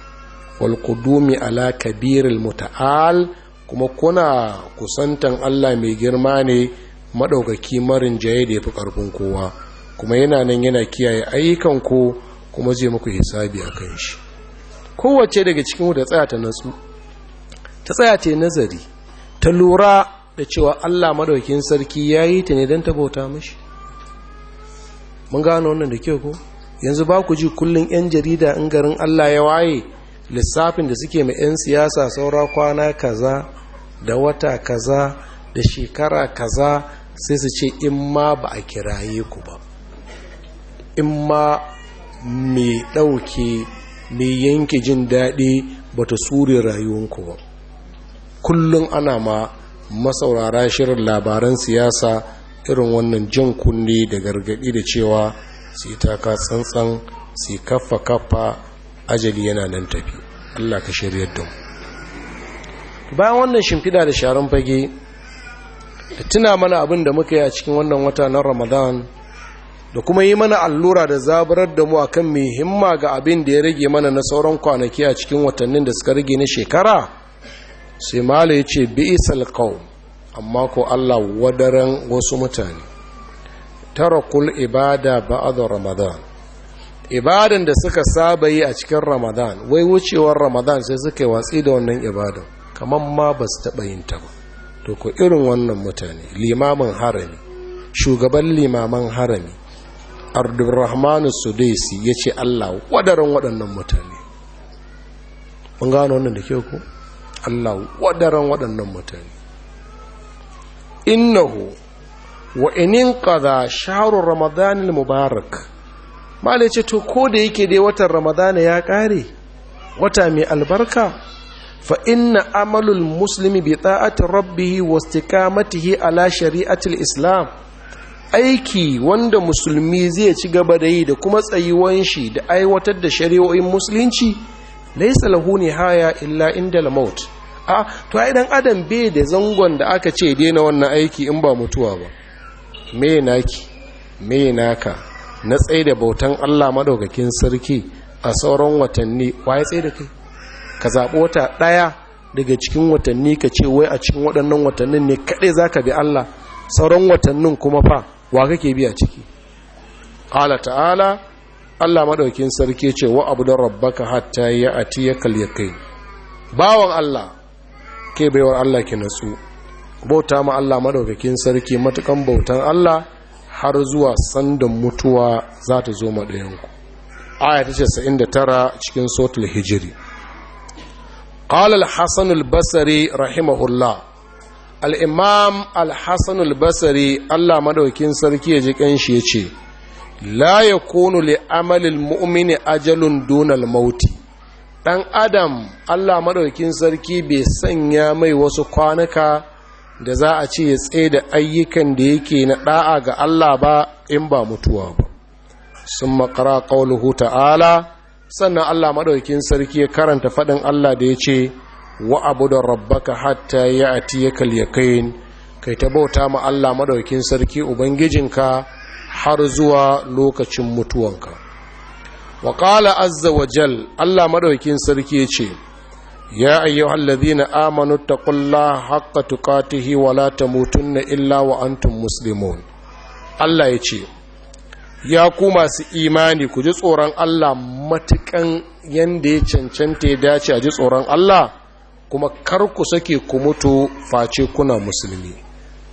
Walƙudumi ala kabiril muta'al kuma kuna kusantan Allah mai girma ne maɗaukaki marin jaye da ya fi ƙarfin kowa kuma yana nan yana kiyaye ayyukanku kuma zai muku hisabi a kan shi kowace daga cikin wuta tsaya ta nazari ta lura da cewa Allah madaukin sarki ya yi ta ne don ta bauta mashi mun gano wannan da kyau ko yanzu ba ku ji kullum 'yan jarida in garin Allah ya waye lissafin da suke mai 'yan siyasa saura kwana kaza da wata kaza da shekara kaza sai su ce in ma ba a kiraye ku ba in ma mai ɗauke mai yanke jin daɗi ba ta sure ku ba kullum ana ma masaurara shirin labaran siyasa irin wannan jin kunne da gargaɗi da cewa su yi taka tsantsan su kaffa kaffa ajali yana nan tafi allah ka shiryar da bayan wannan shimfiɗa da sharan fage da tuna mana abin da muka yi a cikin wannan wata na ramadan da kuma yi mana allura da zabarar da mu akan mai himma ga abin da ya rage mana na sauran kwanaki a cikin watannin da suka rage na shekara sai mala ya ce qaum amma ko Allah wadaran wasu mutane tarakul ibada bada ramadan ibadan da suka saba yi a cikin ramadan wai wucewar ramadan sai suka watsi da wannan ibadan kamar ma ba su taɓa yin ta ba to ko irin wannan mutane limamin harami shugaban limaman harami abdurrahman sudaisi ya ce allah wadaran waɗannan mutane mun gano wannan da ke ku Allah wadaran waɗannan mutane innahu wa inin shaharar shahru Ramadanin mubarak mala ce to ko da yake dai watan Ramadana ya ƙare? wata mai albarka fa inna amalul muslimi bi ta'ati rabbihi wa istiqamatihi ala shari'atil islam aiki wanda musulmi zai ci gaba da yi da kuma tsayuwan shi da aiwatar da shari'o'in musulunci Laisa lahu haya illa inda al-maut a to ai dan adam bai da zangon da aka ce daina wannan aiki in ba mutuwa ba me naki me naka na tsaye da bautan Allah madaukakin sarki a sauran watanni waye tsaye da kai ka zaɓi wata ɗaya daga cikin watanni ka ce wai a cikin waɗannan watannin ne kaɗai zaka bi Allah sauran watannin kuma fa wa kake a ciki qala ta'ala Allah maɗaukin sarki ce wa abu da rabbaka hatta ya ati ya kai. bawan Allah ke baiwar Allah ki natsu bauta ma Allah maɗaukakin sarki matukan bautan Allah har zuwa sandan mutuwa za ta zo maɗayanku aya ta ce tara cikin sotul hijiri قال الحسن البصري رحمه al الإمام الحسن البصري الله مدوكين سركي يجي shi يجي la ya kunu li mu'mini ajalun dunal mauti ɗan adam allah maɗaukin sarki bai sanya mai wasu kwanuka da za a ce ya tsaye da ayyukan da yake na ɗa'a ga allah ba in ba mutuwa ba sun makara ƙaunuhu ta'ala sannan allah maɗaukin sarki ya karanta faɗin allah da ya ce wa abu da rabbaka hatta ya ati ya kalyakain kai ta bauta ma Allah madaukin sarki ubangijinka har zuwa lokacin mutuwanka wa qala azza wa jal Allah madaukin sarki ya ce ya amanu taqullaha haqqa tuqatihi wa la tamutunna illa wa antum muslimun Allah yace ce ya ku masu imani ku ji tsoron Allah matukan yanda ya cancanta ya dace a ji tsoron Allah kuma kar ku sake ku mutu face kuna musulmi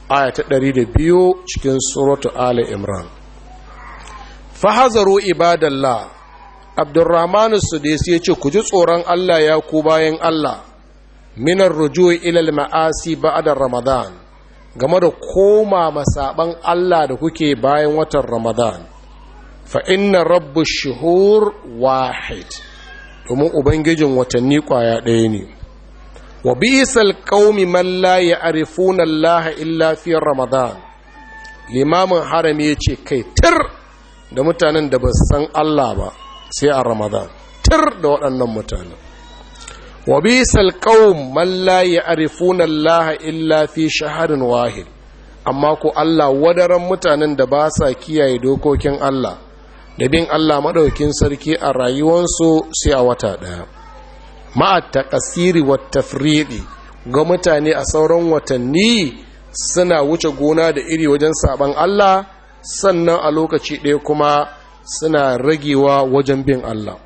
aya ta ɗari da biyu cikin suratu ali imran fahazaru ibadallah abdurrahman sudaisi ya ce ku ji tsoron allah ya ku bayan allah minar rujui ilal ma'asi ba'da ramadan game da koma masaban allah da kuke bayan watan ramadan fa inna rabbu shuhur wahid domin ubangijin watanni kwaya ɗaya ne wa bisal qaumi man la ya'rifuna Allah illa fi Ramadan limamin harami yace kai tir da mutanen da ba san Allah ba sai a Ramadan tir da waɗannan mutanen wa bisal qaum man la ya'rifuna Allah illa fi shahrin wahid amma ko Allah wadaran mutanen da ba sa kiyaye dokokin Allah da bin Allah madaukin sarki a rayuwarsu sai a wata ɗaya ma'a taƙasiri wa tafriɗi ga mutane a sauran watanni suna wuce gona da iri wajen saban Allah sannan a lokaci ɗaya kuma suna ragewa wajen bin Allah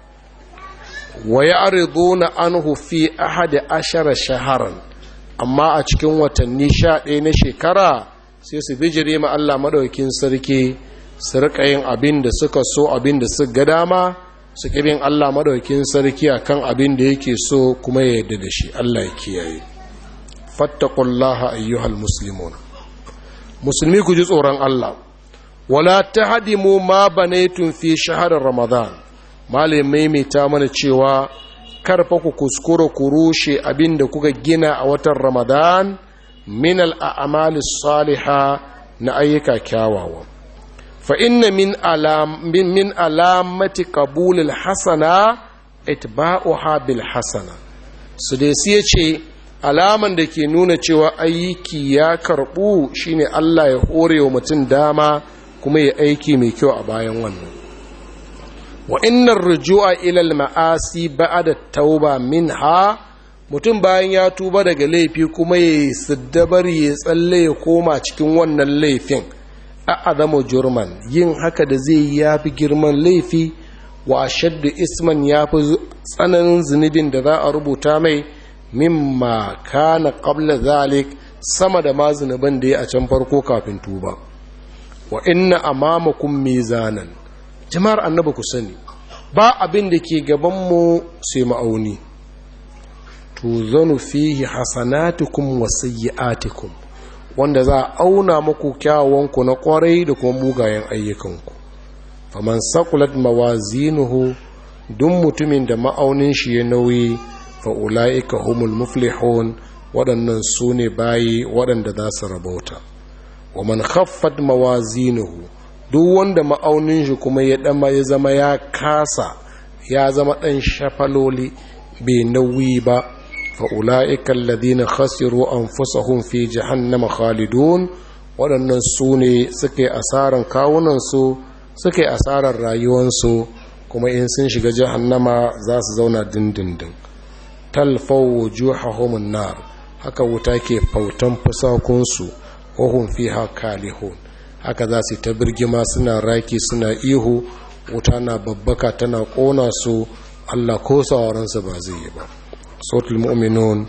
wa ya na an fi ahadi ashara shaharan amma a cikin watanni sha ɗaya na shekara sai su bijire ma Allah maɗaukin sarki su riƙa yin abin da suka so abin da su ga dama su bin Allah madaukin sarki a kan abin da yake so kuma ya yadda da shi Allah ya kiyaye fattakullaha ayyuhal muslimun musulmi ku ji tsoron Allah wala ta mu ma banaitun fi shaharar ramadan mai maimaita mana cewa karfa ku kuskura ku rushe abin da kuka gina a watan ramadan min al saliha salihah na ayyuka kyawawa fa inna min alamati qabulil hasana itba'uha bil hasana su dai siya ce alaman da ke nuna cewa aiki ya karbu shine Allah ya hore wa mutum dama kuma ya aiki mai kyau a bayan wannan wa rujuwa rujua ma'asi al ma'asi ba'da tauba ha, mutum bayan ya tuba daga laifi kuma ya siddabar ya tsalle ya koma cikin wannan laifin a'azama jurman yin haka da zai ya fi girman laifi wa ashaddu isman ya fi tsananin zunubin da za a rubuta mai mimma kana qabla zalik sama da ma zunuban da ya a can farko kafin tuba wa inna amamakum mizanan jama'ar annabi ku sani ba abin da ke gaban mu sai ma'auni tuzanu fihi hasanatukum wa sayyi'atukum wanda za a auna muku kyawanku na kwarai da kuma mugayen ayyukanku faman sakulat mawazinuhu dun mutumin da ma'aunin shi ya nauyi fa fa'ula'ika humul muflihun waɗannan su ne bayi waɗanda za su rabauta wa man khaffat mawazinuhu duk wanda ma'aunin shi kuma ya dama ya zama ya kasa ya zama ɗan shafaloli bai nauyi ba fa'ula'ika alladhina khasiru anfusahum fi jahannama khalidun waɗannan su ne suke asarar kawunansu suke asarar rayuwansu kuma in sun shiga jahannama za su zauna dindindin talfawo juhahumun nar haka wuta ke fautan fusakunsu wahun fi haka lihun haka za su ta birgima suna raki suna ihu wuta na babbaka tana ƙona su allah ko sauransu ba zai yi ba sautul mu'minun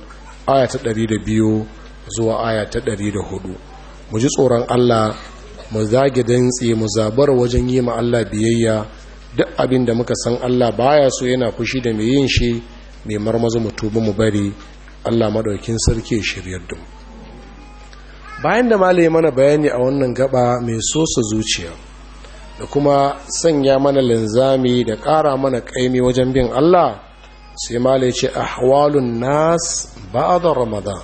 aya ta biyu zuwa aya ta 104 mu ji tsoron Allah mu zage dantse mu zabar wajen yi ma Allah biyayya duk abin da muka san Allah baya so yana fushi da mai yin shi mai marmazo mu tuba mu bari Allah madaukin sarki shiryar dum bayan da malai mana bayani a wannan gaba mai sosa zuciya da kuma sanya mana linzami da ƙara mana ƙaimi wajen bin Allah sai mala ce ahwalun nas ba ba'da ramadan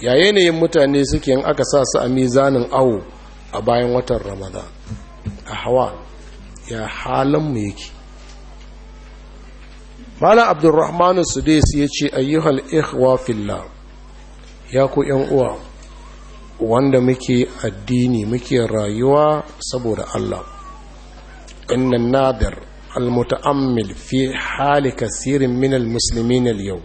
ya yanayin mutane suke yin aka sa su a mizanin awo a bayan watan ramadan hawa ya halin mu yake mala Abdulrahman sudais ya ce ayyuhal ikhwa filla ya ku yan uwa wanda muke addini muke rayuwa saboda Allah innan nadir almuta'ammil fi hali kasirin minal musulmin yau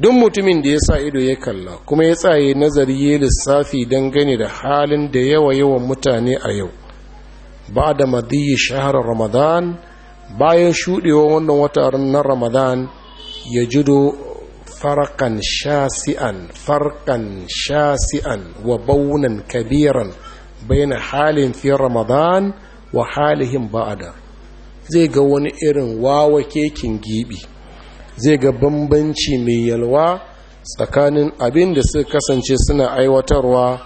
duk mutumin da ya sa ido ya kalla kuma ya tsaye nazari ya lissafi dangane da halin da yawa-yawan mutane a yau ba da madiyi shaharar ramadan bayan shuɗewa wannan watan na ramadan ya jido farkan shasi'an farkan shasi'an wa baunan kabiran bayan halin fi ramadan wa halihin ba'ada zai ga wani irin wawa kekin gibi zai ga bambanci mai yalwa tsakanin abin da suka kasance suna aiwatarwa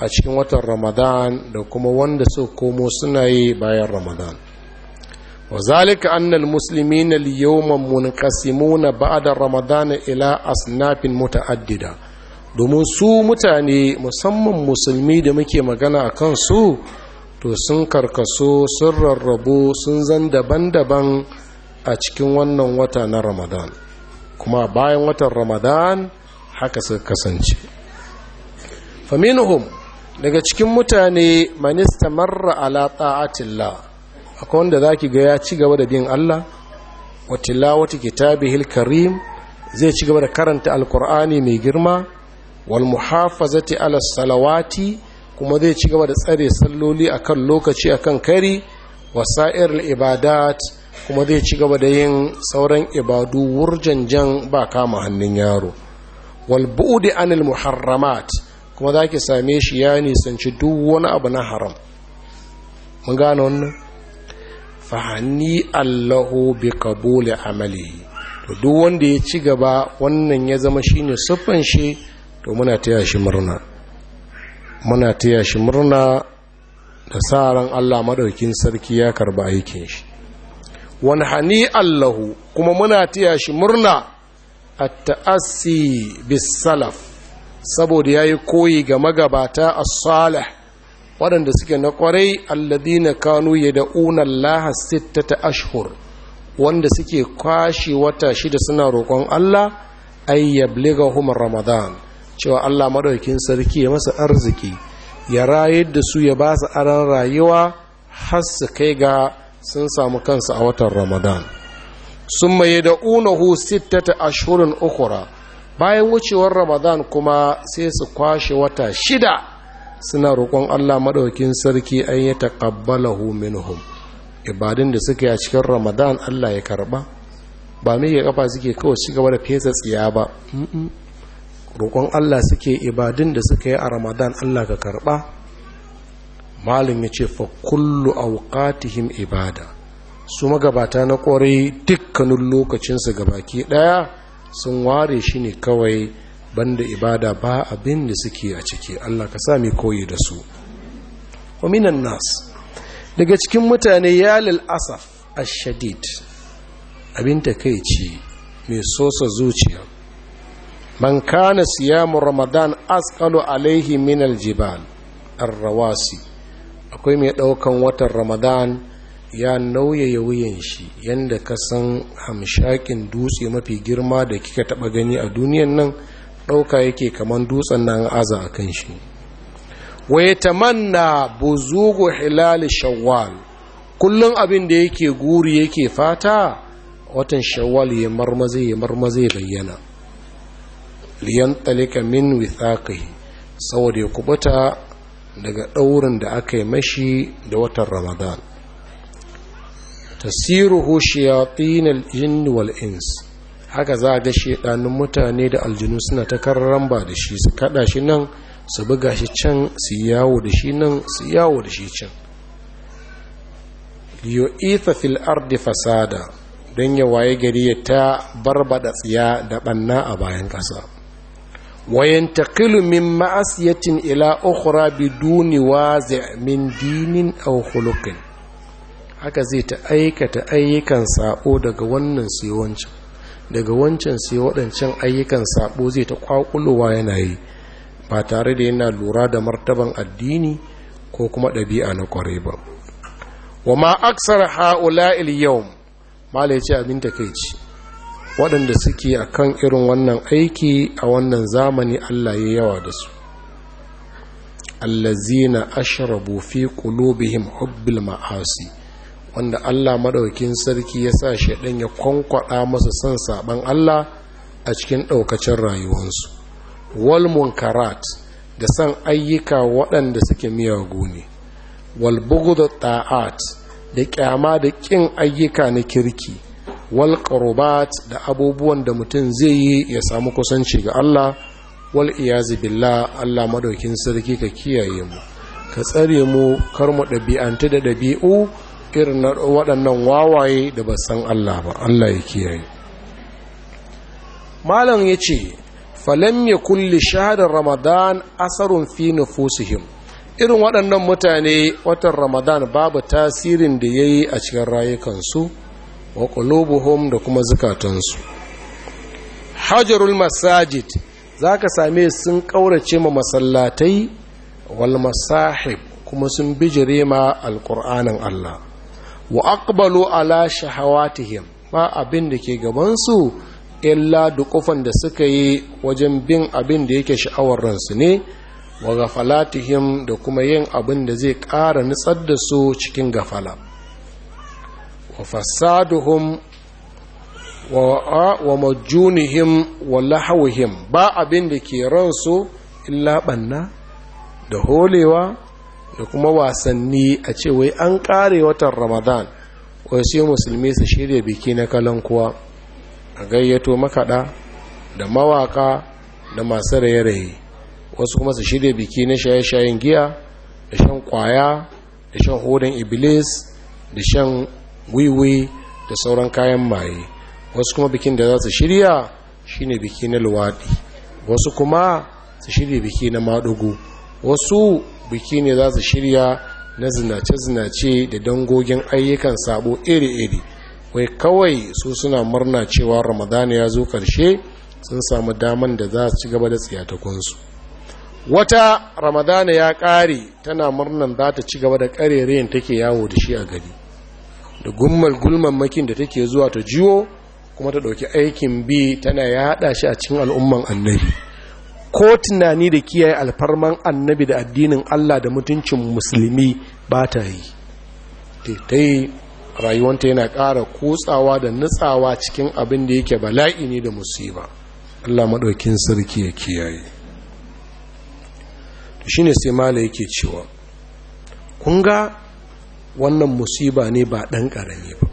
a cikin watan ramadan da kuma wanda suka komo suna yi bayan ramadan wa zalika annal muslimin al-yawma na ba'da ramadan ila asnafin muta'addida domin su mutane musamman musulmi da muke magana a kansu to sun karkaso sun rarrabu sun zan daban-daban a cikin wannan wata na ramadan kuma bayan watan ramadan haka sun kasance faminuhum daga cikin mutane manista marra ala ta'atillah akwai wanda zaki ga ya ci gaba da bin Allah watilla wata kitabi karim zai ci gaba da karanta alkur'ani mai girma wal muhafazati ala salawati kuma zai ci gaba da tsare salloli akan lokaci akan kari wasa'ir ibadat kuma zai ci gaba da yin sauran ibadu wurjanjan ba kama hannun yaro walbu'udi anil muharramat kuma zaki same shi ya nisanci duk wani abu na haram mun gane wannan fahani allahu bi amalihi to duk wanda ya ci gaba wannan ya zama shine siffan shi to muna taya shi murna muna taya shi murna da sa Allah maɗaukin sarki ya karba aikin shi wani hani Allahu kuma muna taya shi murna a ta'assi bisalaf saboda ya yi koyi ga magabata a salih waɗanda suke na ƙwarai na kanu ya da'una Allah ta ashhur wanda suke kwashe wata shida suna roƙon Allah ayyabliga yablighahum ramadan cewa Allah maɗaukin sarki ya masa arziki ya rayar da su ya ba su aran rayuwa har su kai ga sun samu kansu a watan ramadan sun maye da unahu ta ashirin ukura bayan wucewar ramadan kuma sai su kwashe wata shida suna roƙon allah maɗaukin sarki an yi taƙabbalahu minhum ibadun da suka yi a cikin ramadan allah ya karɓa ba mai ya ƙafa suke kawai ci gaba da fesa tsiya ba roƙon Allah suke ibadun da suka yi a ramadan Allah ka karɓa malin ya ce fa kullu auqatihim ibada su magabata na ƙwarai dukkanin lokacinsu gabaki ɗaya sun ware shi ne kawai banda ibada ba abin da suke a ciki Allah ka sami koyi da su wa nas daga cikin mutane ya asaf ashadid abin takaici mai sosa zuciya man kana siyamu ramadan asqalu alaihi min aljibal arrawasi akwai mai ɗaukan watan ramadan ya nauyaya wuyan shi yanda ka san hamshakin dutse mafi girma da kika taɓa gani a duniyan nan ɗauka yake kaman dutsen nan aza akan shi wa yatamanna buzugu hilali shawwal kullum abin da yake guri yake fata watan shawwal ya marmaze ya marmaze bayyana liyantalika min withaqihi saboda ya kubuta daga ɗaurin da aka yi mashi da watan ramadan tasiruhu shayatin al wal ins haka za a ga shedanin mutane da aljinu suna ta karramba da shi su kada shi nan su buga shi can su yawo da shi nan su yawo da shi can yu'itha fil ardi fasada dan ya waye gari ya ta barbada tsiya da banna a bayan ƙasa وينتقل من معصية إلى أخرى بدون وازع من دين أو خلق haka zai ta aikata ayyukan sabo daga wannan sai wancan daga wancan sai waɗancan ayyukan sabo zai ta kwakulowa yana yi ba tare da yana lura da martaban addini ko kuma ɗabi'a na kwarai ba wa ma aksar ha'ula il yau mala ce abin takaici waɗanda suke a kan irin wannan aiki a wannan zamani Allah ya yawa da su allazina ashrabu fi qulubihim hubbil ma'asi wanda Allah maɗaukin sarki ya sa shedan ya kwankwaɗa masa son saban Allah a cikin ɗaukacin rayuwarsu wal munkarat da san ayyuka waɗanda suke miyagu ne wal bughd ta'at da kyama da ƙin ayyuka na kirki wal da abubuwan da mutum zai yi ya samu kusanci ga Allah wal iyazi billah Allah madaukin sarki ka kiyaye mu ka tsare mu kar mu dabi'anta da dabi'u irin waɗannan wawaye da ba san Allah ba Allah ya kiyaye malam yace falam ya li shahadar ramadan asarun fi nufusihim irin waɗannan mutane watan ramadan babu tasirin da ya yi a cikin rayukansu wa qulubuhum da kuma zukatansu hajarul masajid zaka same sun ƙaurace ma masallatai wal masahib kuma sun bijire ma alqur'anin Allah wa aqbalu ala shahawatihim ba abin da ke gabansu illa duƙufan da suka yi wajen bin abin da yake sha'awar ransu ne wa gafalatihim da kuma yin abin da zai ƙara nutsar da su cikin gafala wa wa majunihim wa lahawihim ba abin da ke ransu illa banna da holewa da kuma wasanni a ce wai an kare watan ramadan wai sai musulmi su shirya biki na kalankuwa a gayyato makaɗa da mawaka da masu raye-raye wasu kuma su shirya biki na shaye-shayen giya da shan kwaya da shan hodon iblis da shan wiwi da sauran kayan maye wasu kuma bikin da za su shirya shine biki na luwaɗi wasu kuma su shirya biki na maɗugu wasu biki ne za su shirya na zinace-zinace da dangogin ayyukan sabo iri-iri wai kawai su suna murna cewa ramadana ya zo ƙarshe sun samu daman da za su ci gaba da tsiyatakunsu wata ramadana ya ƙare tana murnan za ta ci gaba da ƙarerayin take yawo da shi a gari da gummal makin da take zuwa ta jiwo kuma ta ɗauki aikin bi tana yaɗa shi a cikin al'umman annabi ko tunani da kiyaye alfarman annabi da addinin Allah da mutuncin musulmi ba ta yi ta rayuwanta yana ƙara kutsawa da nutsawa cikin abin da yake bala'i ne da musiba Allah maɗaukin sarki ya kiyaye shi ne sai mala yake cewa kun ga wannan musiba ne ba ɗan ƙarami ba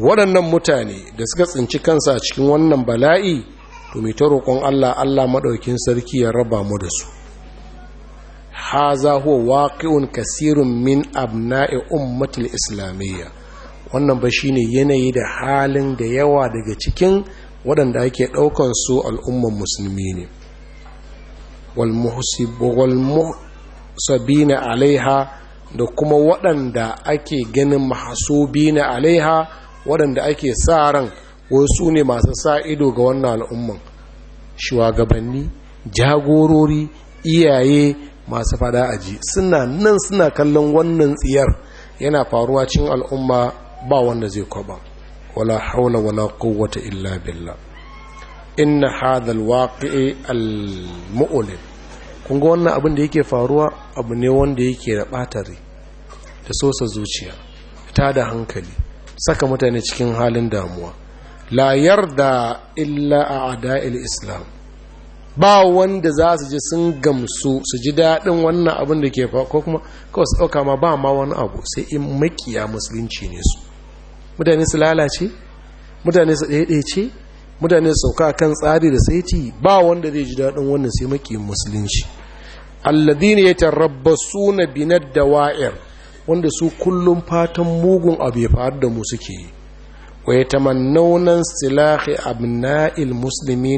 waɗannan mutane da suka tsinci kansa cikin wannan bala'i to mai ta roƙon Allah Allah maɗaukin sarki ya raba mu da su za huwa waƙi'un kasirun min abna'i ummatil islamiyya wannan ba ne yanayi da halin da yawa daga cikin waɗanda ake ɗaukan su al'ummar musulmi ne wal muhsibina alaiha da kuma waɗanda ake ganin mahasobi na alaiha waɗanda ake sa ran wasu ne masu sa ido ga wannan al'umman shugabanni jagorori iyaye masu fada aji suna nan suna kallon wannan tsiyar yana faruwa cin al'umma ba wanda zai kwaba wala haula wala quwwata illa billah inna hadha alwaqi'i almu'lim Kunga wannan abin da yake faruwa abu ne wanda yake da ɓatare da sosa zuciya ta da hankali saka mutane cikin halin damuwa La'yar da illa a ada'il islam ba wanda za su ji sun gamsu su ji daɗin wannan abin da ke ko kuma kawai su ɗauka ma ba ma wani abu sai in makiya musulunci ne su mutane su lalace mutane su ɗaiɗaice mutane sauka kan tsari da saiti ba wanda zai ji daɗin wannan sai maki musulunci ya suna binar da wayar, wanda su kullum fatan mugun abu ya faru da mu suke yi wa yatamannawna silahi abna'il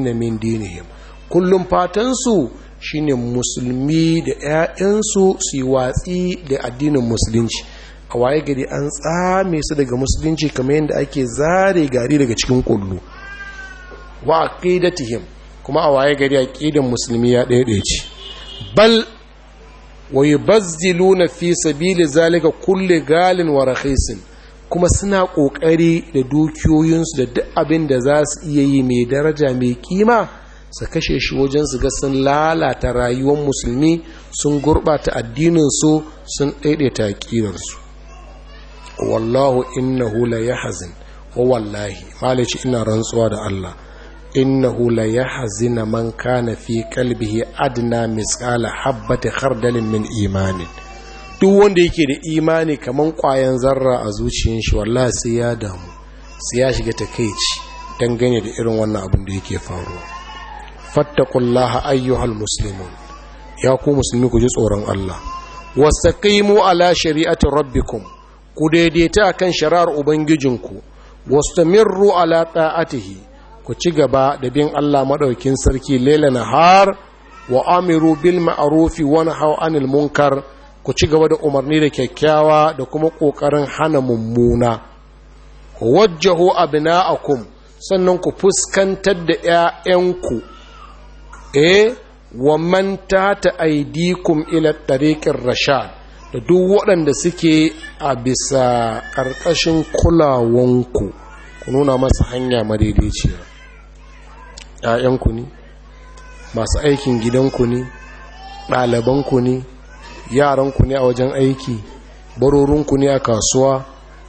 na min dinihim kullum fatansu su shine musulmi da 'ya'yansu su yi watsi da addinin musulunci a waye gari an tsame su daga musulunci kamar yadda ake zare gari daga cikin kullu wa aqidatihim kuma a waye gari aqidan musulmi ya daidai ce bal wa yubazziluna fi sabili zalika kulli galin wa rakhisin kuma suna ƙoƙari da dukiyoyinsu da duk abin da za su iya yi mai daraja mai kima su kashe shi wajen su ga sun lalata rayuwar musulmi sun gurbata addininsu sun daidaita aqidarsu wallahu innahu la yahzin wa wallahi malaci ina rantsuwa da Allah innahu la yahzina man kana fi qalbihi adna misqala habbati khardalin min imanin duk wanda yake da imani kamar kwayan zarra a zuciyar shi wallahi sai ya damu sai ya shiga takaici, dangane da irin wannan abin da yake faruwa fattakullaha ayyuhal muslimun ya ku musulmi ku ji tsoron Allah wastaqimu ala shari'ati rabbikum ku daidaita kan shari'ar ubangijinku wastamirru ala ta'atihi ku ci gaba da bin Allah maɗaukin sarki lele na har wa amiru bil ma'arufi wani hau anil munkar ku ci gaba da umarni da kyakkyawa da kuma ƙoƙarin hana mummuna Ku wajjahu abna'akum sannan ku fuskantar da ƴaƴanku eh wa man ta aidikum ila tariqir rashad da duk waɗanda suke a bisa ƙarƙashin kulawanku ku nuna masa hanya madaidaiciya ‘ya'yanku ne masu aikin gidanku ne ɗalibanku ne yaranku ne a wajen aiki barorinku ne a kasuwa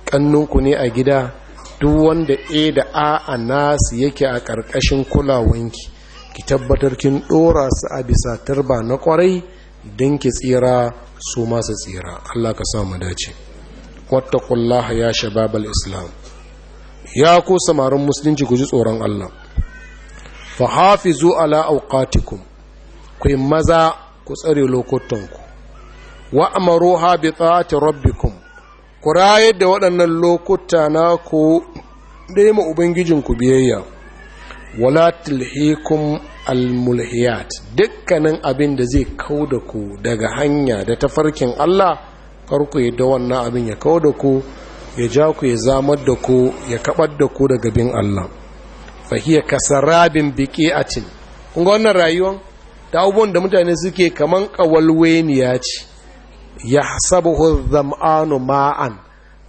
ƙannunku ne a gida duk wanda a da a a nasu yake a ƙarƙashin kulawanki ki tabbatar kin ɗora su a bisa tarba na ƙwarai don ki tsira su masu tsira Allah ka sa mu dace wattaqullaha ya shababal islam ya ku samarin musulunci ku ji tsoron Allah fa ala auqatikum ku maza ku tsare lokutanku wa ha bi ta'ati rabbikum ku rayar da waɗannan lokuta na ku daima ubangijinku biyayya wala tulhikum almulhiyat dukkanin abin da zai kau da ku daga hanya da tafarkin Allah karku da wannan abin ya kau da ku ya ja ku ya zamar da ku ya kabar da ku daga bin Allah fahiyar kasarabin biƙi'atin kun ga wannan rayuwan da abubuwan da mutane suke kaman ƙawalweniya ce ya sabuhu zam'anu ma'an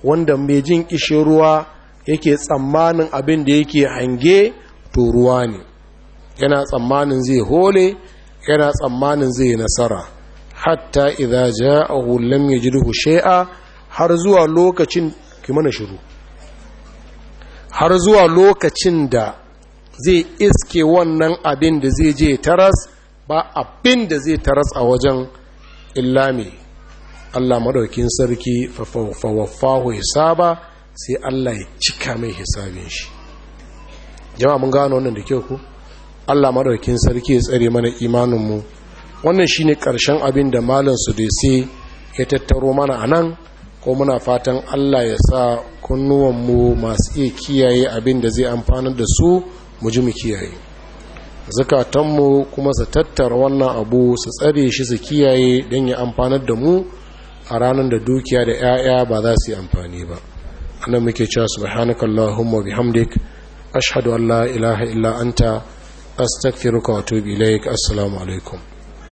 wanda mai jin ƙishin ruwa yake tsammanin abin da yake hange to ruwa ne yana tsammanin zai hole yana tsammanin zai nasara hatta idza ja'ahu lam yajidhu shay'a har zuwa lokacin kimanin mana shiru har zuwa lokacin da zai iske wannan abin da zai je taras ba abin da zai taras a wajen illami Allah maɗaukin sarki fawafahu hisaba sai Allah ya cika mai hisabin shi jama'a mun gano wannan da kyau ku Allah maɗaukin sarki ya tsare mana imaninmu wannan shi ne ƙarshen abin da malam su da sai ya tattaro mana a nan ko muna fatan Allah ya sa kunnuwanmu masu iya kiyaye abin da zai amfanar da su mu ji mu kiyaye mu kuma su tattara wannan abu su tsare shi su kiyaye don ya amfanar da mu a ranar da dukiya da 'ya'ya ba za su yi amfani ba anan muke cewa subhanakallahumma bihamdik ashhadu an la ilaha illa anta astaghfiruka wa atubu ilaik assalamu alaikum